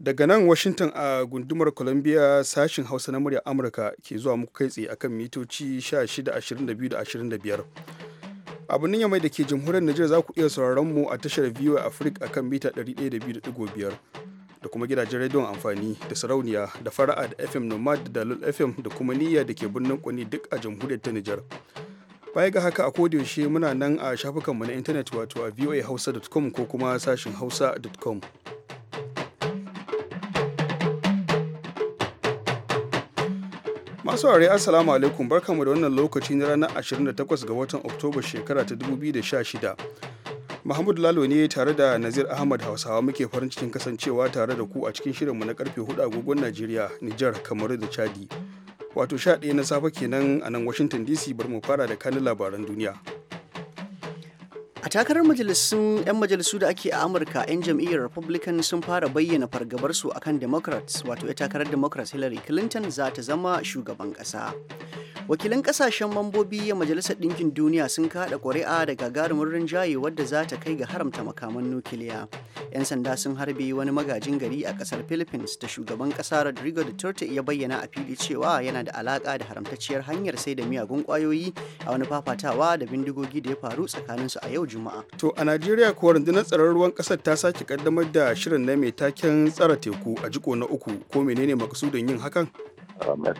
daga nan washington a gundumar columbia sashin hausa na murya amurka ke zuwa muku kai tsaye akan mitoci 16 22 da 25 da ke jamhuriyar nijar za ku iya sauraron mu a tashar VOA Africa akan mita 102.5 da kuma gidajen rediyon amfani da sarauniya da fara'a da FM Nomad da Dalol FM da kuma niyya da ke birnin Kwani duk a jamhuriyar ta Nijar. baya ga haka a yaushe muna nan a shafukanmu na intanet wato a voahausa.com ko kuma sashin hausa.com masu ware assalamu alaikum barkanmu da wannan lokaci na ranar 28 ga watan oktoba shekara ta 2016 Mahmud Lalo ne tare da Nazir Ahmad Hausawa muke farin cikin kasancewa tare da ku a cikin shirinmu na karfe 4 agogon Najeriya, Nijar, Kamaru da Chadi. wato sha ɗaya na safe kenan a nan washington dc bari mu fara da kanin labaran duniya a takarar majalisun 'yan majalisu da ake a amurka 'yan jam'iyyar republican sun fara bayyana fargabarsu akan democrats wato ya takarar democrats hillary clinton za ta zama shugaban ƙasa. wakilan kasashen mambobi a majalisar dinkin duniya sun kaɗa ƙuri'a da gagarumin rinjaye wadda za ta kai ga haramta makaman nukiliya 'yan sanda sun harbe wani magajin gari a ƙasar philippines da shugaban ƙasa rodrigo duterte ya bayyana a fili cewa yana da alaka da haramtacciyar hanyar sai da miyagun kwayoyi a wani fafatawa da bindigogi da ya faru tsakanin su a yau juma'a to a najeriya kuwa rundunar tsaron ruwan ƙasar ta sake kaddamar da shirin na mai taken tsara teku a jiko na uku ko menene makasudin yin hakan Um,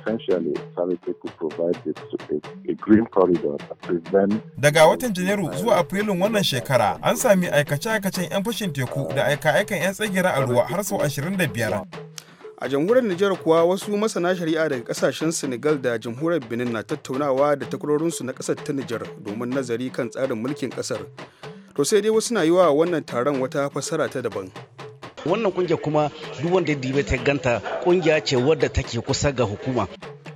daga watan Janairu zuwa Afrilun wannan shekara, an sami aikace-aikacen 'yan fashin teku da aika-aikan 'yan tsagira a ruwa har sau 25. A jamhuriyar Nijar kuwa wasu masana shari'a daga kasashen Senegal da jamhuriyar Benin na tattaunawa da takwarorinsu na ƙasar ta Nijar domin nazari kan tsarin mulkin kasar To sai dai wasu na yi wa wannan taron wata fassara ta daban. wannan kungiya kuma duk wanda ya dibe ta ganta kungiya ce wadda take kusa ga hukuma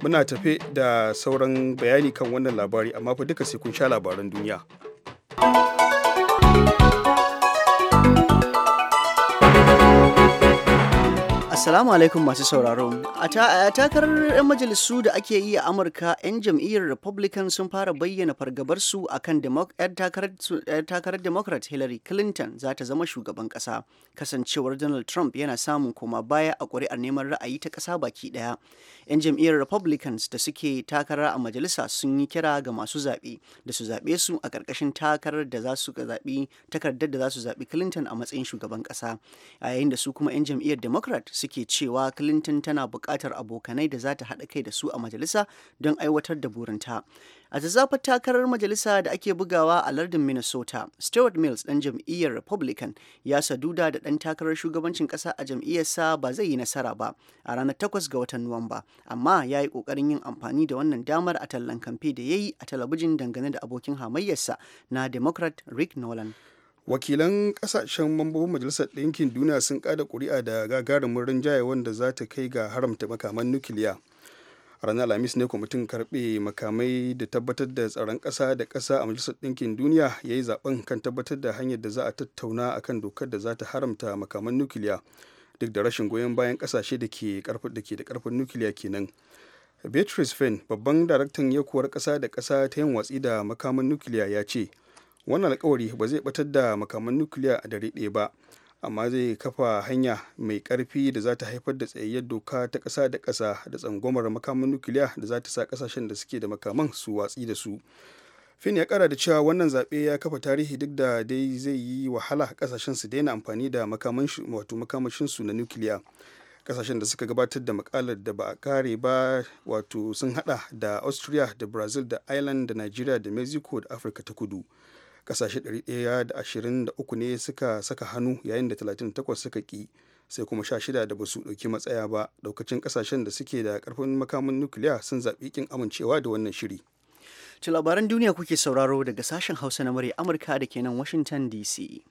muna tafe da sauran bayani kan wannan labari amma fa duka sai kun sha labaran duniya. Assalamu alaikum masu sauraro. A takarar 'yan majalisu da ake yi a Amurka, 'yan jam'iyyar Republican sun fara bayyana fargabarsu a kan takarar Democrat Hillary Clinton za ta zama shugaban ƙasa. Kasancewar Donald Trump yana samun koma baya a ƙuri'ar neman ra'ayi ta ƙasa baki ɗaya. 'Yan jam'iyyar Republicans da suke takara a majalisa sun yi kira ga masu zaɓe da su zaɓe su a ƙarƙashin takarar da za su zaɓi takardar da za su zaɓi Clinton a matsayin shugaban ƙasa. A yayin da su kuma 'yan jam'iyyar Democrat suke ke cewa Clinton tana buƙatar abokanai da za ta haɗa kai da su a majalisa don aiwatar da burinta. A zazzafar takarar majalisa da ake bugawa a lardin Minnesota, Stuart Mills ɗan jam'iyyar Republican ya saduda da ɗan takarar shugabancin ƙasa a jam'iyyarsa ba zai yi nasara ba a ranar takwas ga watan Nuwamba, amma ya yi ƙoƙarin yin amfani da wannan damar a tallan kamfe da ya yi a talabijin dangane da abokin hamayyarsa na Democrat Rick Nolan. wakilan kasashen mambobin majalisar ɗinkin duniya sun kada kuri'a da gagarumin rinjaye wanda za ta kai ga haramta makaman nukiliya ranar alhamis ne kwamitin karbe makamai da tabbatar da tsaron kasa da ƙasa a majalisar ɗinkin duniya ya yi zaben kan tabbatar da hanyar da za a tattauna a kan dokar da za ta haramta makaman nukiliya duk da rashin goyon bayan ƙasashe da ke da karfin nukiliya kenan beatrice fenn babban daraktan yakuwar ƙasa da kasa ta yin watsi da makaman nukiliya ya ce wannan alkawari ba zai batar da makaman nukiliya a dare ɗaya ba amma zai kafa hanya mai karfi da za ta haifar da tsayayyar doka ta ƙasa da ƙasa da tsangwamar makaman nukiliya da za ta sa ƙasashen da suke da makaman su watsi da su fin ya kara da cewa wannan zaɓe ya kafa tarihi duk da dai zai yi wahala ƙasashen su daina amfani da makamashin su na nukiliya ƙasashen da suka gabatar da makalar da ba a kare ba wato sun hada da austria da brazil da ireland da nigeria da mexico da afirka ta kudu kasashe 123 ne suka saka hannu yayin da 38 suka ki sai kuma 16 da ba su ɗauki matsaya ba daukacin kasashen da suke da karfin makamin nukiliya sun zaɓi kin amincewa da wannan shiri ci labaran duniya kuke sauraro daga sashen hausa na murya amurka da kenan washington dc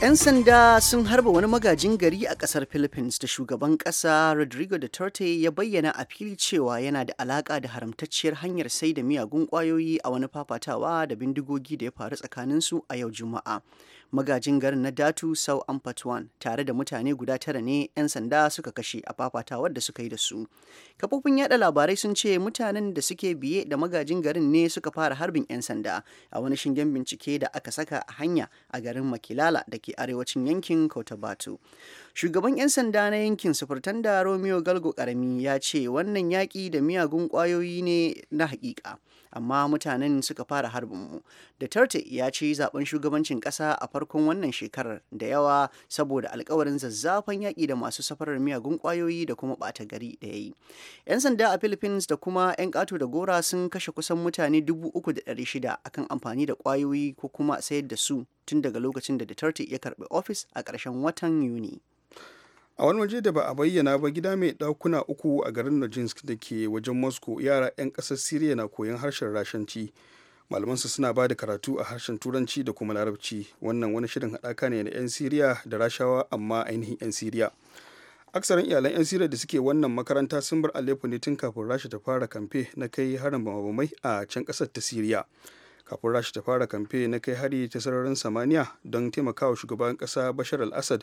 'Yan sanda sun harba wani magajin gari a kasar Philippines da shugaban kasa Rodrigo Duterte ya bayyana a fili cewa yana da alaka da haramtacciyar hanyar sai da miyagun kwayoyi a wani fafatawa da bindigogi da ya faru tsakaninsu a yau Juma'a. magajin garin na datu sau amfatuwan tare da mutane guda tara ne 'yan sanda suka kashe a fafatawar da suka yi da su kafofin yada labarai sun ce mutanen da suke biye da magajin garin ne suka fara harbin 'yan sanda a wani shingen bincike da aka saka a hanya a garin makilala da ke arewacin yankin kautabatu shugaban 'yan sanda na yankin sufurtanda romeo galgo karami ya ce wannan yaƙi da miyagun ƙwayoyi ne na haƙiƙa amma mutanen suka fara harbin mu duterte ya ce zaben shugabancin ƙasa a farkon wannan shekarar da yawa saboda alkawarin zazzafan yaƙi da masu safarar miyagun kwayoyi da kuma ɓata gari da ya yi 'yan sanda a philippines da kuma 'yan ƙato da gora sun kashe kusan mutane 3,600 akan amfani da kwayoyi ko kuma sayar da su tun daga lokacin da Duterte ya karɓi ofis a ƙarshen watan Yuni. a wani waje da ba a bayyana ba gida mai ɗakuna uku a garin Nojinsk da ke wajen Moscow yara 'yan ƙasar Siriya na koyon harshen Rashanci. Malamansu suna ba da karatu a harshen Turanci da kuma Larabci. Wannan wani shirin haɗaka ne na 'yan Siriya da Rashawa amma ainihin 'yan Siriya. Aksarin iyalan 'yan Siriya da suke wannan makaranta sun bar Aleppo ne tun kafin Rasha ta fara kamfe na kai harin bamabamai a can ƙasar ta Siriya. kafin rasha ta fara kamfe na kai hari ta sararin samaniya don taimakawa shugaban kasa bashar al-assad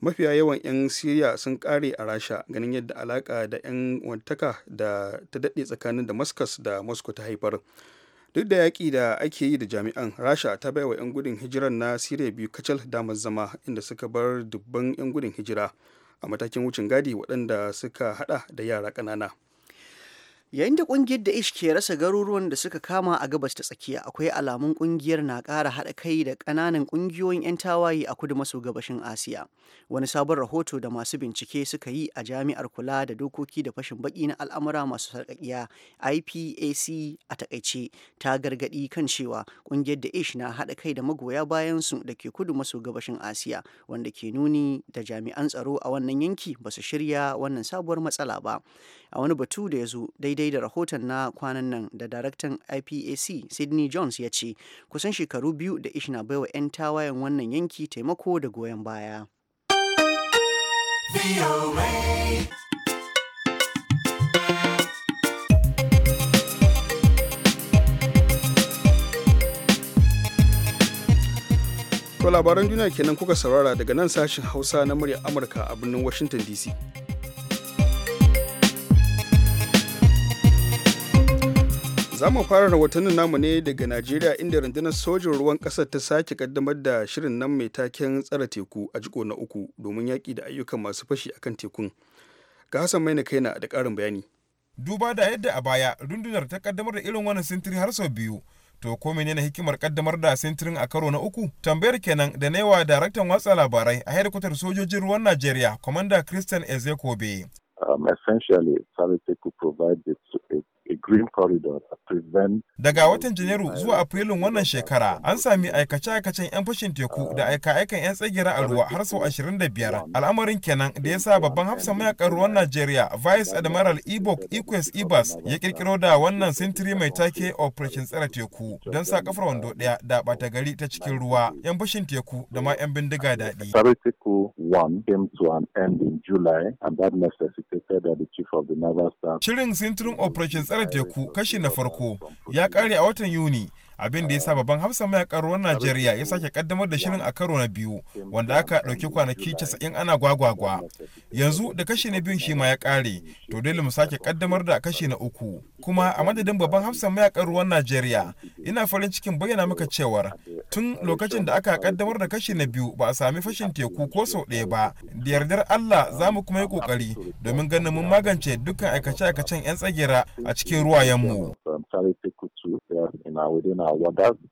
mafiya yawan 'yan siriya sun kare a rasha ganin yadda alaka da 'yan wantaka da ta daɗe tsakanin damascus da moscow ta haifar duk da yaƙi da ake yi da jami'an rasha ta bai wa 'yan gudun hijirar na siriya biyu kacal damar zama inda suka bar dubban 'yan gudun hijira a matakin wucin gadi waɗanda suka haɗa da yara ƙanana yayin da kungiyar da ish ke rasa garuruwan da suka kama a gabas ta tsakiya akwai alamun kungiyar na kara haɗa kai da ƙananan kungiyoyin 'yan tawaye a kudu maso gabashin asiya wani sabon rahoto da masu bincike suka yi a jami'ar kula da dokoki da fashin baki na al'amura masu sarƙaƙiya ipac a takaice ta gargaɗi kan cewa kungiyar da ish na haɗa kai da magoya bayan su da ke kudu maso gabashin asiya wanda ke nuni da jami'an tsaro a wannan yanki ba su shirya wannan sabuwar matsala ba a wani batu da ya zo daidai da rahoton na kwanan nan da daraktan ipac sydney jones ya ce kusan shekaru biyu da ish na baiwa 'yan tawayen wannan yanki taimako da goyon baya To labaran duniya kenan kuka saurara daga nan sashen Hausa na murya Amurka a birnin Washington DC. Za mu fara rahotannin namu ne daga Najeriya inda rundunar sojin ruwan ƙasar ta sake kaddamar da shirin nan mai taken tsara teku a jiko na uku domin yaƙi da ayyukan masu fashi akan tekun. Ga Hassan na Kaina da karin bayani. Duba da yadda a baya rundunar ta kaddamar da irin wannan sintiri har sau biyu. To ko menene hikimar kaddamar da sintirin a karo na uku? Tambayar kenan da naiwa daraktan watsa labarai a hedkwatar sojojin ruwan Najeriya, Kwamanda Christian Ezekobe. Um, essentially, Saliteku provides a green corridor to prevent Daga watan Janairu zuwa Afrilun wannan shekara an sami aikace-aikacen 'yan fashin teku da aika-aikan 'yan tsagira a ruwa har sau 25 al'amarin kenan da ya sa babban hafsa mayakan ruwan Najeriya Vice Admiral Ibok Ikwes Ibas ya kirkiro da wannan sintiri mai take operation tsare teku don sa kafar wando daya da bata gari ta cikin ruwa 'yan fashin teku da ma 'yan bindiga daɗi. Shirin sintirin operation tsare shekarar teku kashi na farko ya ƙare a watan Yuni abin da ya sa babban hafsan mayakan ruwan najeriya ya sake kaddamar da shirin a karo na biyu wanda aka ɗauki kwanaki casa'in ana gwagwagwa yanzu da kashi na biyun shi ma ya kare to dole mu sake kaddamar da kashi na uku kuma a madadin babban hafsan mayakan ruwan najeriya ina farin cikin bayyana maka cewar tun lokacin da aka kaddamar da kashi na biyu ba a sami fashin teku ko sau ɗaya ba da yardar allah za mu kuma yi ƙoƙari domin ganin mun magance dukkan aikace-aikacen 'yan tsagera a cikin ruwayenmu.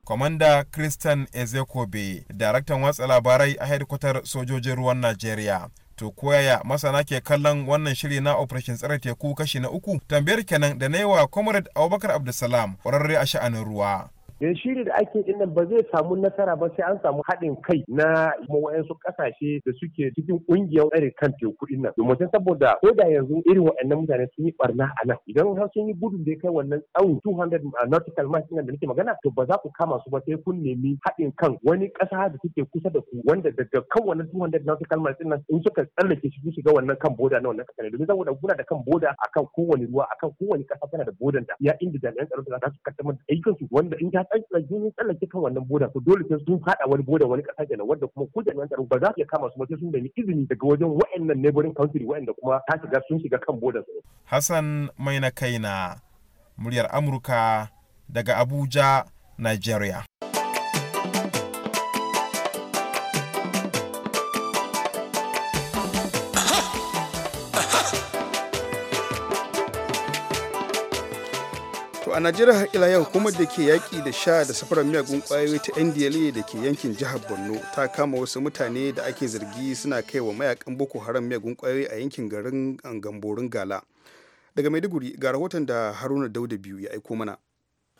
Kwamanda Christian Ezekobe, daraktan watsa labarai a hedikwatar sojojin ruwan Najeriya. To koyaya masana ke kallon wannan shiri na Operation Tsare Teku kashi na uku? Tambayar kenan da na yi wa Comrade Abubakar Abdulsalam ƙwararre a sha'anin ruwa. da shiri da ake din nan ba zai samu nasara ba sai an samu haɗin kai na wayansu ƙasashe da suke cikin ƙungiyar tsare kan teku ɗin nan domin saboda ko da yanzu irin waɗannan mutane sun yi ɓarna a nan idan har sun yi gudun da ya kai wannan tsawon 200 nautical miles ɗin da nake magana to ba za ku kama su ba sai kun nemi haɗin kan wani ƙasa da suke kusa da ku wanda daga kan wannan 200 nautical miles ɗin nan in suka tsallake shi su shiga wannan kan boda na wannan ƙasa ne domin saboda kuna da kan boda akan kowane ruwa akan kowane ƙasa tana da bodan da ya inda jami'an tsaro za su kaddamar da ayyukansu wanda in ta jinin tsallake kan wannan boda to dole sai sun fada wani boda wani kasa kenan wanda kuma ku jami'an tsaro ba za su iya kama su ba sai sun da izini daga wajen wa'annan neighboring country wa'anda kuma ta shiga sun shiga kan boda su Hassan Maina Kaina muryar Amurka daga Abuja Nigeria To a Najeriya ila yau hukumar da ke yaƙi da sha da safarar miyagun ƙwayoyi ta NDLA da ke yankin jihar Borno ta kama wasu mutane da ake zargi suna kai wa mayakan Boko Haram miyagun ƙwayoyi a yankin garin Gamborin Gala. Daga Maiduguri ga rahoton da Haruna Dauda biyu ya aiko mana.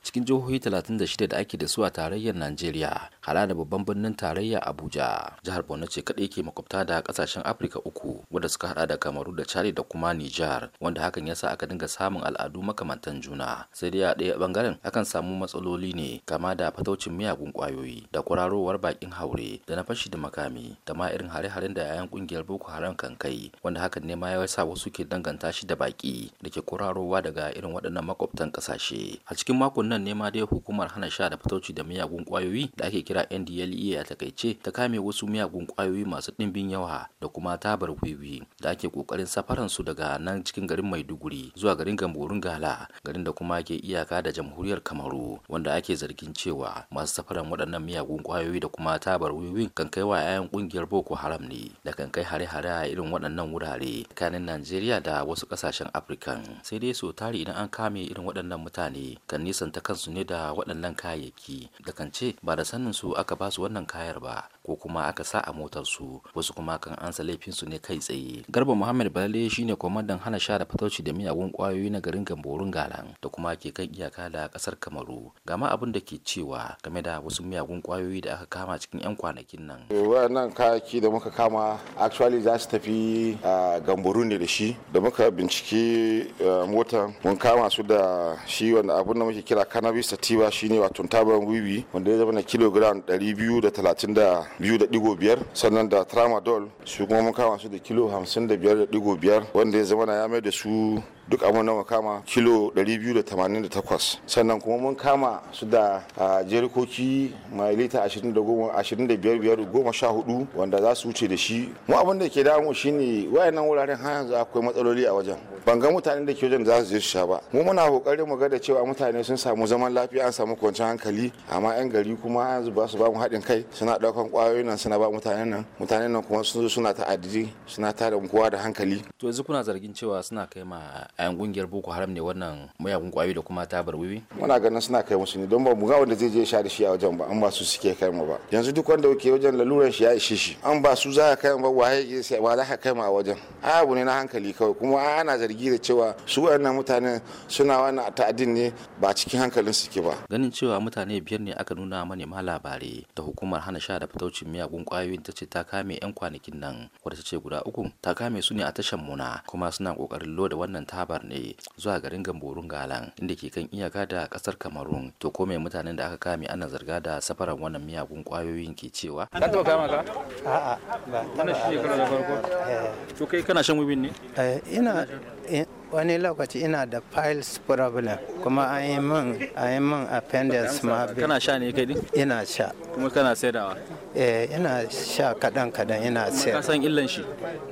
cikin jihohi 36 da ake da su a tarayyar Najeriya, hala da babban birnin tarayya Abuja. Jihar Borno ce kadai ke makwabta da kasashen Afirka uku, wanda suka hada da Kamaru da Chari da kuma Nijar, wanda hakan yasa aka dinga samun al'adu makamantan juna. Sai dai a ɗaya bangaren akan samu matsaloli ne, kama da fataucin miyagun kwayoyi, da kwararowar bakin haure, da na fashi da makami, da ma irin hare-haren da yayan kungiyar Boko Haram kan kai, wanda hakan ne ma ya sa wasu ke danganta shi da baki da ke kwararowa daga irin waɗannan makwabtan ƙasashe. A cikin makon nan ne ma dai hukumar hana sha da fitoci da miyagun kwayoyi da ake kira ndlea a takaice ta kame wasu miyagun kwayoyi masu ɗimbin yawa da kuma tabar wiwi da ake kokarin safaran su daga nan cikin garin maiduguri zuwa garin gamborin gala garin da kuma ke iyaka da jamhuriyar kamaru wanda ake zargin cewa masu safaran waɗannan miyagun kwayoyi da kuma tabar wiwi kan kai wa 'ya'yan ƙungiyar boko haram ne da kan kai hare-hare a irin waɗannan wurare tsakanin najeriya da wasu ƙasashen afirka sai dai so tari idan an kame irin waɗannan mutane kan nisan wadata kansu ne da waɗannan kayayyaki da kan ce ba da sanin su aka ba su wannan kayar ba ko kuma aka sa a motar su wasu kuma kan ansa laifin su ne kai tsaye garba muhammad balale shine kwamandan hana sha da fatauci da miyagun kwayoyi na garin gamborun galan da kuma ke kan iyaka da kasar kamaru gama abin da ke cewa game da wasu miyagun kwayoyi da aka kama cikin yan kwanakin nan eh, wannan kayaki da muka kama actually za su tafi a gamboru ne da shi da muka binciki motar mun kama su da shi wanda abin da muke kira cannabis sativa shine wato taban wiwi wanda ya zama na kilogram 230 biyu da digo biyar sannan da tramadol su kuma mun kama su da kilo hamsin da biyar da digo biyar wanda ya zama na ya mai da su duk abin da kama kilo 288 sannan kuma mun kama su da jerikoki mai lita 25 wanda za su wuce da shi mu abin da ke damu shine wayannan wuraren har yanzu akwai matsaloli a wajen ban ga mutanen da ke wajen za su je su sha ba mu muna kokarin mu ga da cewa mutane sun samu zaman lafiya an samu kwanciyar hankali amma yan gari kuma yanzu ba su ba mu haɗin kai suna ɗaukan ƙwari kwayoyin nan suna ba mutanen nan mutanen nan kuma sun zo suna ta'addidi suna tada kowa da hankali to yanzu kuna zargin cewa suna kai ma ayan kungiyar boko haram ne wannan mayagun kwayoyi da kuma tabar wiwi muna ganin suna kai musu ne don ba mu ga wanda zai je sha da shi a wajen ba an ba su suke kai ma ba yanzu duk wanda yake wajen laluran shi ya ishe shi an ba su za ka kai ma ba waye sai ba za ka kai ma a wajen a abu ne na hankali kawai kuma ana zargi da cewa su wannan mutanen suna wannan ta'adin ne ba cikin hankalin suke ba ganin cewa mutane biyar ne aka nuna manema labarai da hukumar hana sha da fito fataucin miyagun kwayoyin ta ce ta kame 'yan kwanakin nan wadda ta ce guda uku ta kame su ne a tashan muna kuma suna kokarin loda wannan tabar ne zuwa garin gamborun galan inda ke kan iyaka da kasar kamarun to ko mai mutanen da aka kame ana zarga da safaran wannan miyagun kwayoyin ke cewa ka taba kama ka a'a ba wannan shi ne kana da farko eh. to kai kana shan wibin ne eh ina eh, wani lokaci ina da piles problem kuma an yi min a yi appendix ma kana sha ne kai ina sha kuma kana saidawa eh ina sha kadan kadan ina sai ka san illan shi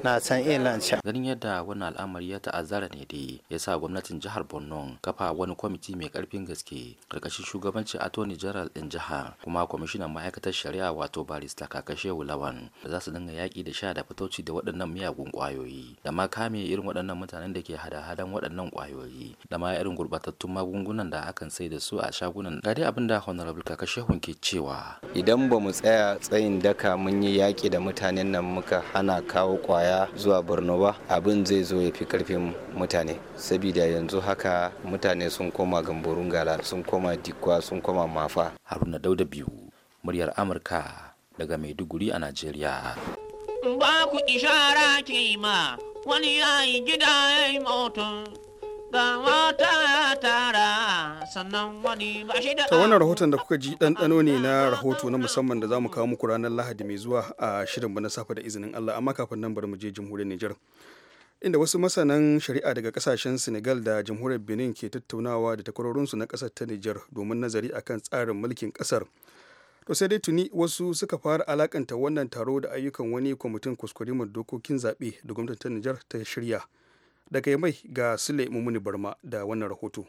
na san illan sha ganin yadda wannan al'amari ya ta'azzara ne dai yasa gwamnatin jihar Borno kafa wani kwamiti mai karfin gaske karkashin shugabanci attorney general din jiha kuma kwamishinan ma'aikatar shari'a wato barista kakashe lawan da za su dinga yaki da sha da fitoci da waɗannan miyagun kwayoyi da ma kame irin waɗannan mutanen da ke hada hadan waɗannan ƙwayoyi da ma irin gurɓatattun magungunan da akan sai da su a shagunan ga dai abin da honorable kakashehun ke cewa idan ba mu tsaya tsayin daka mun yi yaƙi da mutanen nan muka hana kawo ƙwaya zuwa borno ba abin zai zo ya fi ƙarfin mutane sabida yanzu haka mutane sun koma gamborun gala sun koma dikwa sun koma mafa haruna dauda biyu muryar amurka daga maiduguri a najeriya ba ku ishara ke ma wani ya yi gida ya yi moto ga mata ya tara sannan wani ba shi da ta wannan rahoton da kuka ji ɗanɗano ne na rahoto na musamman da za mu kawo muku ranar lahadi mai zuwa a shirinmu na safa da izinin allah amma kafin nan bari mu je jamhuriyar nijar inda wasu masanan shari'a daga kasashen senegal da jamhuriyar benin ke tattaunawa da takwarorinsu na kasar ta nijar domin nazari akan tsarin mulkin kasar to sai dai tuni wasu suka fara alakanta wannan taro da ayyukan wani kwamitin kuskure mai dokokin zaɓe da gwamnatin nijar ta shirya daga mai ga sule mumuni barma da wannan rahoto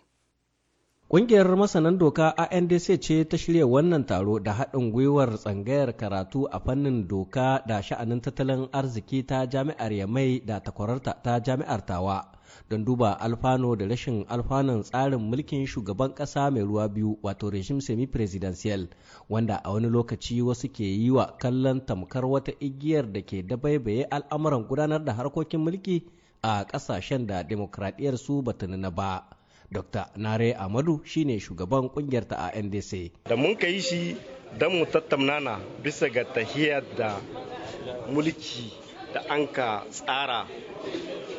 Ƙungiyar masanan doka ANDC ce ta shirya wannan taro da haɗin gwiwar tsangayar karatu a fannin doka da sha'anin tattalin arziki ta jami'ar Yamai da takwararta ta jami'ar Tawa. don duba alfano da rashin alfanon tsarin mulkin shugaban ƙasa mai ruwa biyu wato rejim semi presidential wanda a wani lokaci wasu ke yi wa kallon tamkar wata igiyar da ke dabaibaye al'amuran gudanar da harkokin mulki a ƙasashen da demokradiyyar su bata nuna ba. Dr. Nare Amadu shine shugaban kungiyar ta NDC. Da mun ka yi shi don mu tattauna bisa ga tahiyar da mulki da an ka tsara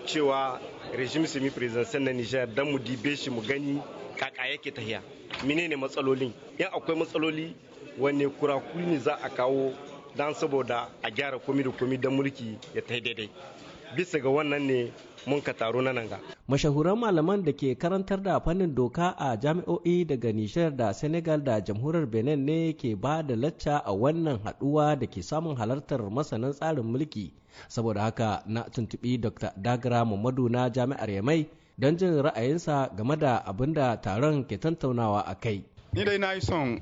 cewa rejim semi presidential na Nijar dan mu dibe shi mu gani kaka yake tahiya menene matsalolin in akwai matsaloli wanne kurakuni za a kawo dan saboda a gyara komi da komi da mulki ya tai daidai bisa ga wannan ne mun ka taru na nan ga. Mashahuran malaman da ke karantar da fannin doka a jami'o'i daga Nijar da Senegal da jamhuriyar Benin ne ke ba da lacca a wannan haɗuwa da ke samun halartar masanan tsarin mulki. Saboda haka na tuntubi Dr. Dagara Mamadu na jami'ar Yamai don jin ra'ayinsa game da abin da taron ke tantaunawa a kai. Ni dai na yi son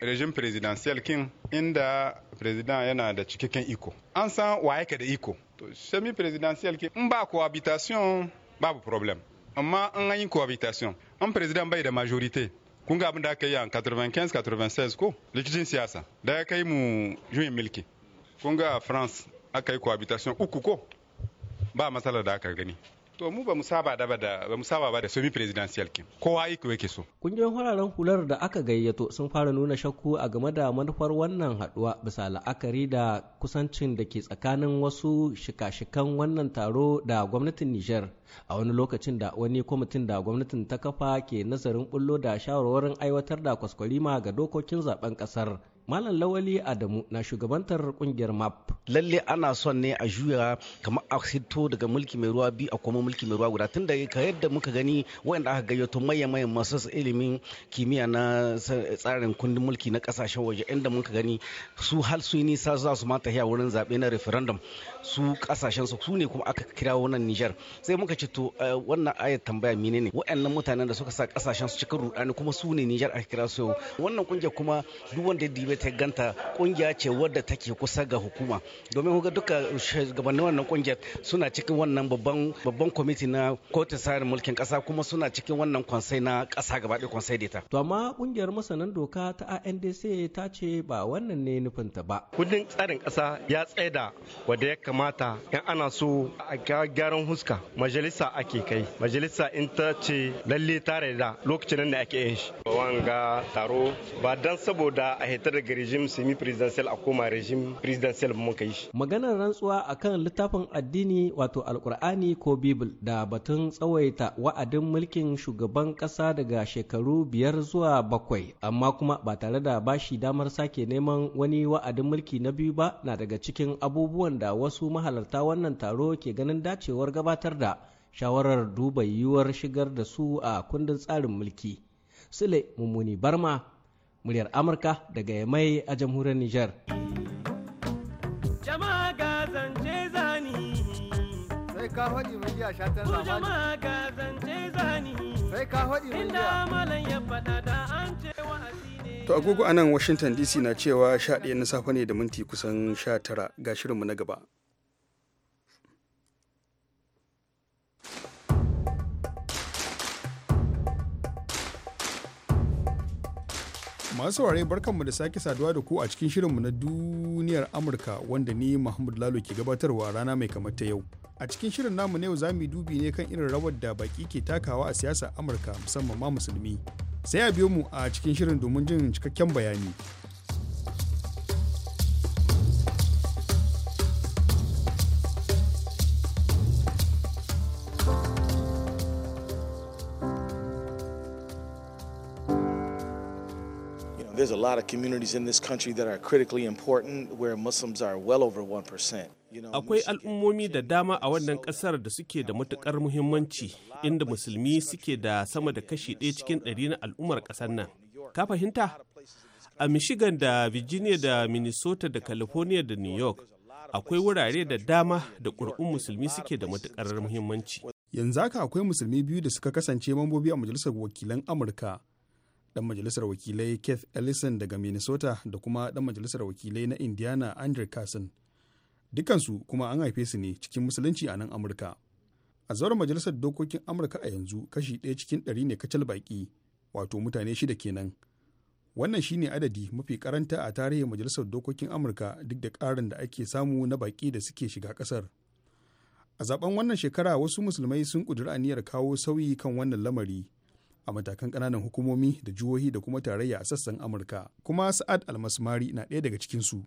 rejim presidential kin inda president yana da cikakken iko an san waye ka da iko to semi presidential kin in ba cohabitation babu problem amma in an yi cohabitation an president bai da majorité. kun ga abin da aka yi a 95 96 ko likitin siyasa da ya kai mu juyin milki kun ga france aka yi cohabitation uku ko ba matsalar da aka gani to mu ba saba da ba ba mu saba ba da semi presidential kin kowa iko yake so kungiyoyin hararen hular da aka gayyato sun fara nuna shakku a game da manufar wannan haduwa bisa la'akari da kusancin da ke tsakanin wasu shika-shikan wannan taro da gwamnatin Nijar a wani lokacin da wani kwamitin da gwamnatin ta kafa ke nazarin bullo da shawarwarin aiwatar da kwaskwarima ga dokokin zaben kasar Malam Lawali Adamu na shugabantar kungiyar MAP. Lalle ana son ne a juya kamar a hito daga mulki mai ruwa biyu a koma mulki mai ruwa guda tunda ka yadda muka gani wayanda aka gayyato maye maye masu ilimin kimiyya na tsarin kundin mulki na kasashen waje inda muka gani su hal su nisa za su mata a wurin zaɓe na referendum su kasashen su ne kuma aka kira wannan Niger sai muka ce to eh, wannan ayat tambaya menene wayannan mutanen da suka sa kasashen su cikin rudani kuma su ne Niger aka kira su wannan kungiya kuma duk wanda ya da ta ganta kungiya ce wadda take kusa ga hukuma domin kuga duka gabanin wannan kungiyar suna cikin wannan babban kwamiti na kotun tsarin mulkin kasa kuma suna cikin wannan kwansai na kasa gaba kwansai da ta. to amma kungiyar masanan doka ta ANDC ta ce ba wannan ne nufinta ba. kudin tsarin kasa ya tsaida wadda ya kamata in ana so a gyaran huska majalisa ake kai majalisa in ta ce lalle tare da lokacin da ake yin shi. wanga taro ba dan saboda a hitar daga rejim semi presidential a koma presidential mun kai shi maganar rantsuwa akan littafin addini wato alkur'ani ko bible da batun tsawaita wa'adin mulkin shugaban kasa daga shekaru biyar zuwa bakwai amma kuma ba tare da bashi damar sake neman wani wa'adin mulki na biyu ba na daga cikin abubuwan da wasu mahalarta wannan taro ke ganin dacewar gabatar da shawarar duba yiwuwar shigar da su a kundin tsarin mulki sule mummuni barma muryar amurka daga mai a jamhuriyar niger To agogo a nan Washington DC na cewa sha ɗaya na safe ne da minti kusan sha tara ga shirinmu na gaba. masu saurare barkanmu da sake saduwa da ku a cikin shirinmu na duniyar amurka wanda ni mahmud lalo ke gabatarwa rana mai kamar ta yau a cikin shirin namu na yau za mu dubi ne kan irin rawar da baki ke takawa a siyasar amurka musamman ma musulmi sai a biyo mu a cikin shirin domin jin cikakken bayani a lot of communities in this country that are critically important where Muslims are well over 1%. Akwai al'ummomi da dama a wannan ƙasar da suke da matuƙar muhimmanci inda musulmi suke da sama da kashi ɗaya cikin ɗari na al'ummar ƙasar nan. Ka fahimta? A Michigan da Virginia da Minnesota da California da New York akwai wurare da dama da ƙuri'un musulmi suke da matuƙar muhimmanci. Yanzu haka akwai musulmi biyu da suka kasance mambobi a Majalisar Wakilan Amurka dan majalisar wakilai keith ellison daga minnesota da kuma dan majalisar wakilai na indiana andrew carson dukansu kuma an haife su ne cikin musulunci a nan amurka a zaura majalisar dokokin amurka a yanzu kashi ɗaya cikin ɗari ne kacal baƙi wato mutane shida kenan wannan shine adadi mafi karanta a tarihin majalisar dokokin amurka duk da ƙarin da ake samu na baƙi da suke shiga ƙasar a zaben wannan shekara wasu musulmai sun ƙudiri aniyar kawo sauyi kan wannan lamari a matakan kananan hukumomi da jihohi da kuma tarayya a sassan amurka kuma sa'ad almasmari na ɗaya daga cikinsu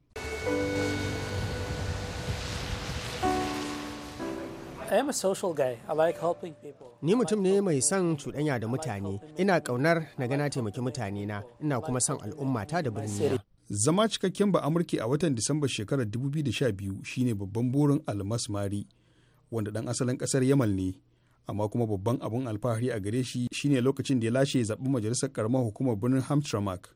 Ni mutum ne mai son cuɗanya da mutane, ina ƙaunar na gana taimaki mutane na, ina kuma son al'ummata da birni. Zama cikakken ba Amurki a watan Disamba shekarar 2012 shine babban burin almasmari wanda ɗan asalin ƙasar Yamal ne. amma kuma babban abun alfahari a gare shi shine lokacin da ya lashe zaben majalisar karamar hukumar birnin hamtramck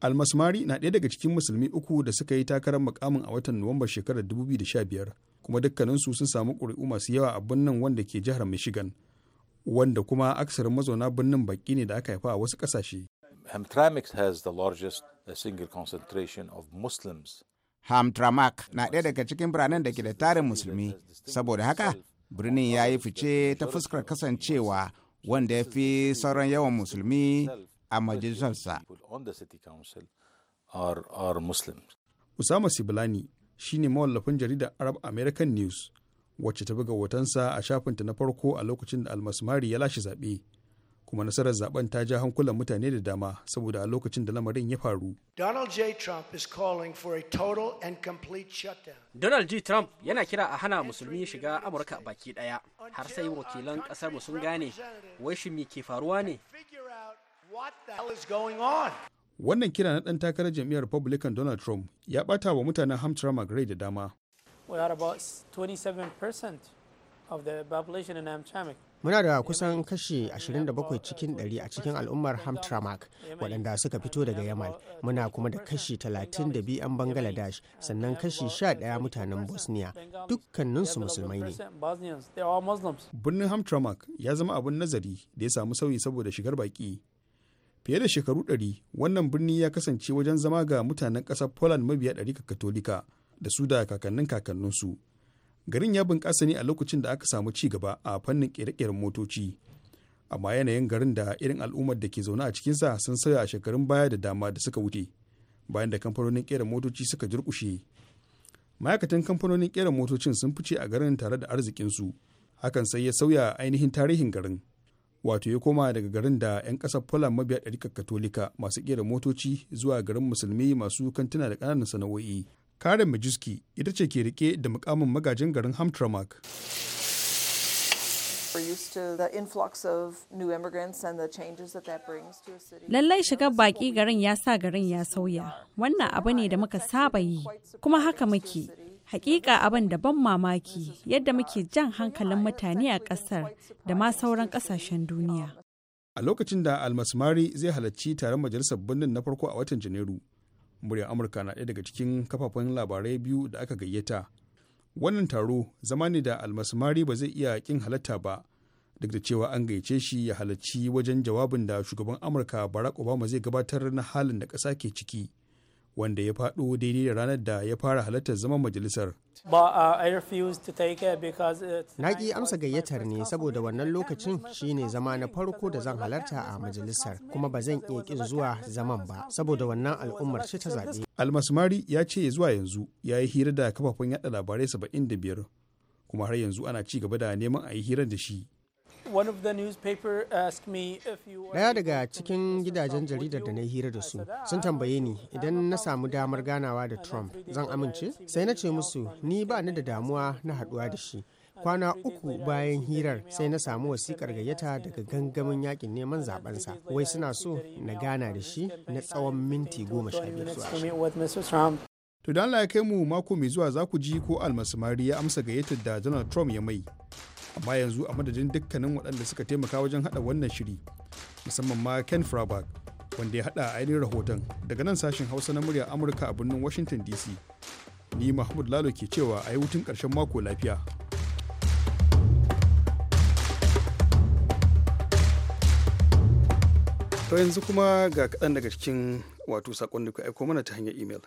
almasmari na ɗaya daga cikin musulmi uku da suka yi takarar mukamin a watan nuwambar shekarar 2015 kuma dukkaninsu sun samu ƙuri'u masu yawa a birnin wanda ke jihar michigan wanda kuma aksarin mazauna birnin baki ne da aka haifa a wasu ƙasashe hamtramck has the largest uh, single of muslims Hamtramck na ɗaya daga cikin biranen da ke da tarin musulmi, saboda haka birnin ya yi fice ta fuskar kasancewa wanda ya fi sauran yawan musulmi a majalisarsa. Usama Sibilani shi ne mawallafin jaridar Arab American News wacce ta buga hotonsa a shafinta na farko a lokacin da almasmari ya lashe zaɓe. kuma nasarar zaben ta ja hankulan mutane da dama saboda a lokacin da lamarin ya faru. Donald J. Trump is calling for a total and complete shutdown. Donald J. Trump yana kira a hana musulmi shiga Amurka baki daya har sai wakilan kasar mu sun gane wai shi me ke faruwa ne. Wannan kira na dan takarar jam'iyyar Republican Donald Trump ya bata wa mutanen Hampshire Magray da dama. We are about 27% of the population in Hamtramck. Muna da kusan kashi 27 cikin 100 a cikin al'ummar Hamtramck waɗanda suka fito daga Yamal. Muna kuma da kashi 32 'yan Bangladesh sannan kashi 11 mutanen Bosnia dukkaninsu musulmai ne. Birnin Hamtramck ya zama abin nazari da ya samu sauyi saboda shigar baki. Fiye da shekaru 100 wannan birni ya kasance wajen zama ga mutanen ƙasar Poland mabiya 100 katolika da su da kakannin kakanninsu. garin ya bunƙasa ne a lokacin da aka samu ci gaba a fannin ƙere-ƙeren motoci amma yanayin garin da irin al'ummar da ke zaune a cikinsa sun sauya a shekarun baya da dama da suka wuce bayan da kamfanonin ƙera motoci suka jirkushe ma'aikatan kamfanonin ƙera motocin sun fice a garin tare da arzikinsu hakan sai ya sauya ainihin tarihin garin wato ya koma daga garin da 'yan ƙasar poland mabiya ɗarikar katolika masu ƙera motoci zuwa garin musulmi masu kantuna da ƙananan sana'o'i Karen Majewski ita ce ke rike da mukamin magajin garin Hamtramck. Lallai shiga baƙi garin ya sa garin ya sauya. Wannan abu ne da muka saba yi, kuma haka muke. Hakika abin da ban mamaki yadda muke jan hankalin mutane a ƙasar da ma sauran ƙasashen duniya. A lokacin da Almasmari zai halarci taron majalisar birnin na farko a watan Janairu, muryar amurka na ɗaya daga cikin kafafen labarai biyu da aka gayyata wannan taro zama ne da almasmari ba zai iya kin halatta ba duk da cewa an gayyace shi ya halarci wajen jawabin da shugaban amurka barack obama zai gabatar na halin da ƙasa ke ciki wanda ya faɗo daidai da ranar da ya fara halartar zaman majalisar. Na ƙi amsa gayyatar ne saboda wannan lokacin shine zama na farko da zan halarta a majalisar kuma ba zan iya ƙin zuwa zaman ba saboda wannan al'ummar shi ta zaɓe. Almasmari ya ce zuwa yanzu ya yi hira da kafafen yaɗa labarai 75 kuma har yanzu ana ci gaba da neman a yi hirar da shi. Daya daga cikin gidajen jaridar da na yi hira da su sun tambaye ni idan na samu damar ganawa da Trump zan amince? Sai na ce musu ni ba ni da damuwa na haduwa da shi. kwana uku bayan hirar sai na samu wasikar gayyata daga gangamin yakin neman zabensa wai suna so na gana da shi na tsawon minti goma sha biyar zuwa to don mu mako mai zuwa za ku ji ko almasamari ya amsa gayyatar da Donald Trump ya mai amma yanzu a madadin dukkanin waɗanda suka taimaka wajen haɗa wannan shiri musamman ma ken frabag wanda ya haɗa ainihin rahoton daga nan sashen hausa na murya amurka a birnin washington dc ni mahmud lalo ke cewa a yi hutun ƙarshen mako lafiya to yanzu kuma ga kaɗan daga cikin wato saƙon da ku aiko mana ta hanyar imel.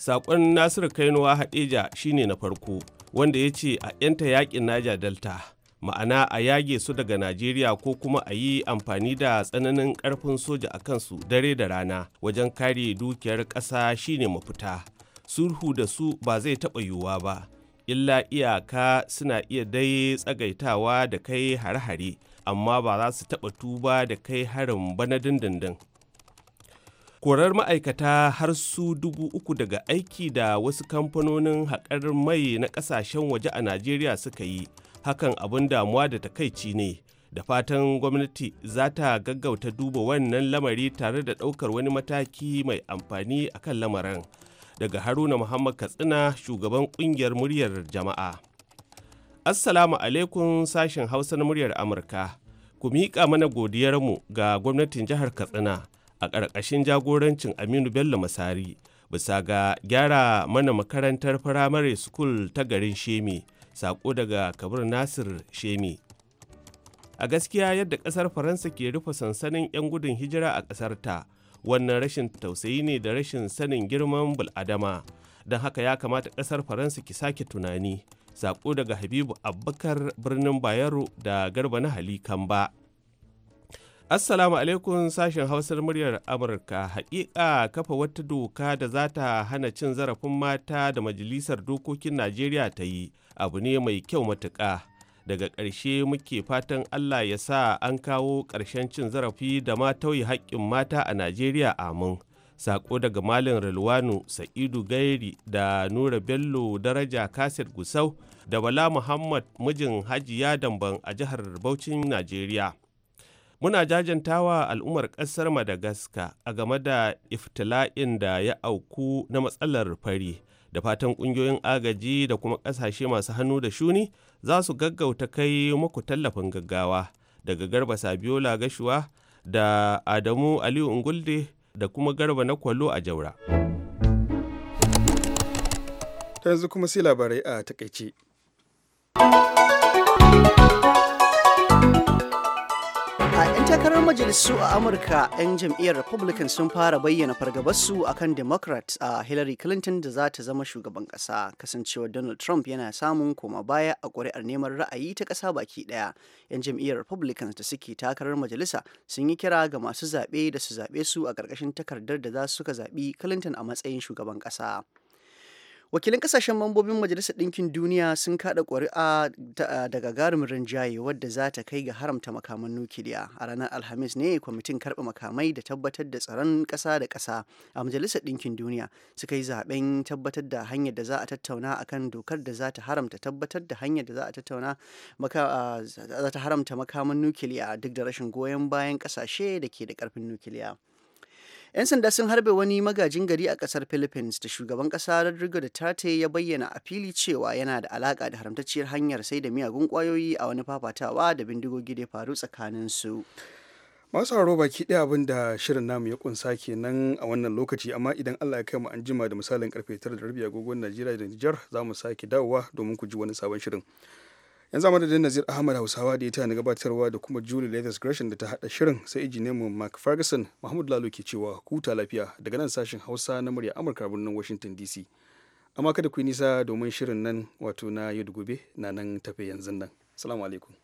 Sakon Nasiru Kainuwa Hadeja shine na farko, wanda ya ce a 'yanta yaƙin Naja Delta, ma'ana a yage su daga Najeriya ko kuma a yi amfani da tsananin ƙarfin soja a kansu dare da rana wajen kare dukiyar ƙasa shine mafita. Sulhu da su ba zai taɓa yiwuwa ba, illa iyaka suna iya dai tsagaitawa da kai hare-hare, amma ba za su taɓa tuba da kai harin bana dindindin. korar ma'aikata har su dubu uku daga aiki da wasu kamfanonin haƙar mai na ƙasashen waje a najeriya suka yi hakan abin damuwa da takaici ne da fatan gwamnati za ta gaggauta duba wannan lamari tare da ɗaukar wani mataki mai amfani a kan lamarin daga haruna muhammad katsina shugaban ƙungiyar muryar jama'a assalamu alaikum sashen hausa na muryar amurka ku miƙa mana godiyarmu ga gwamnatin jihar katsina a ƙarƙashin jagorancin aminu bello masari bisa ga gyara mana makarantar firamare school ta garin shemi sako daga kabir nasir shemi a gaskiya yadda ƙasar faransa ke rufe sansanin 'yan gudun hijira a ƙasar ta wannan rashin tausayi ne da rashin sanin girman bul'adama don haka ya kamata ƙasar faransa ki sake tunani sako daga habibu abubakar birnin bayero da garba na halikan ba Assalamu alaikum sashen hausar muryar Amurka Haƙiƙa kafa wata doka da za ta hana cin zarafin mata da Majalisar Dokokin Najeriya ta yi abu ne mai kyau matuƙa. Daga ƙarshe muke fatan Allah ya sa an kawo ƙarshen cin zarafi da ma haƙƙin mata a Najeriya amin. Sako daga Malin Rilwanu, Sa'idu Gairi da Nura Bello Daraja Kaset Gusau da Bala Muhammad mijin Hajiya Damban a jihar Bauchin Najeriya. Muna jajantawa al'ummar ƙasar Madagascar a game da iftila'in da ya auku na matsalar fari. Da fatan ƙungiyoyin agaji da kuma ƙasashe masu hannu da shuni za su gaggauta kai muku tallafin gaggawa daga Garba Sabiola Gashuwa da Adamu Aliyu Ungulde da kuma Garba na Kwallo a Jaura. yanzu kuma sai labarai a takaice. takarar majalisu a Amurka 'yan jam'iyyar Republican sun fara bayyana fargabarsu a kan Democrat a Hillary Clinton da za ta zama shugaban kasa kasancewar Donald Trump yana samun koma baya a kuri'ar neman ra'ayi ta kasa baki daya 'Yan jam'iyyar Republicans da suke takarar majalisa sun yi kira ga masu zaɓe da su zaɓe su a ƙarƙashin takardar da za suka zaɓi Clinton a matsayin shugaban ƙasa. wakilin kasashen mambobin majalisar ɗinkin duniya sun kada ƙuri'a daga gagarumin rinjaye wadda za ta kai ga haramta makaman nukiliya a ranar alhamis ne kwamitin karɓa makamai da tabbatar da tsaron ƙasa da ƙasa a majalisar ɗinkin duniya suka yi zaɓen tabbatar da hanyar da za a tattauna akan dokar da za ta haramta tabbatar da hanyar da za a tattauna za ta haramta makaman nukiliya duk da rashin goyon bayan ƙasashe da ke da ƙarfin nukiliya. 'Yan sanda sun harbe wani magajin gari a kasar Philippines da shugaban kasa Rodrigo tate ya bayyana a fili cewa yana da alaka da haramtacciyar hanyar sai da miyagun kwayoyi a wani fafatawa da bindigogi da faru tsakanin su. masu haro baki ɗaya abin da shirin namu ya kunsa kenan a wannan lokaci amma idan Allah ya kai mu an jima da misalin karfe tara da rabi agogon Najeriya da Nijar za mu sake dawowa domin ku ji wani sabon shirin. yanzu a madadin nazir ahmad hausawa da ta na gabatarwa da kuma julie leathers gresham da ta hada shirin sai injiniyanmu mark ferguson mahmud lalo ke cewa huta lafiya daga nan sashen hausa na murya amurka birnin washington dc amma kada ku yi nisa domin shirin nan wato na yau da gobe na nan tafe yanzu nan salamu alaikum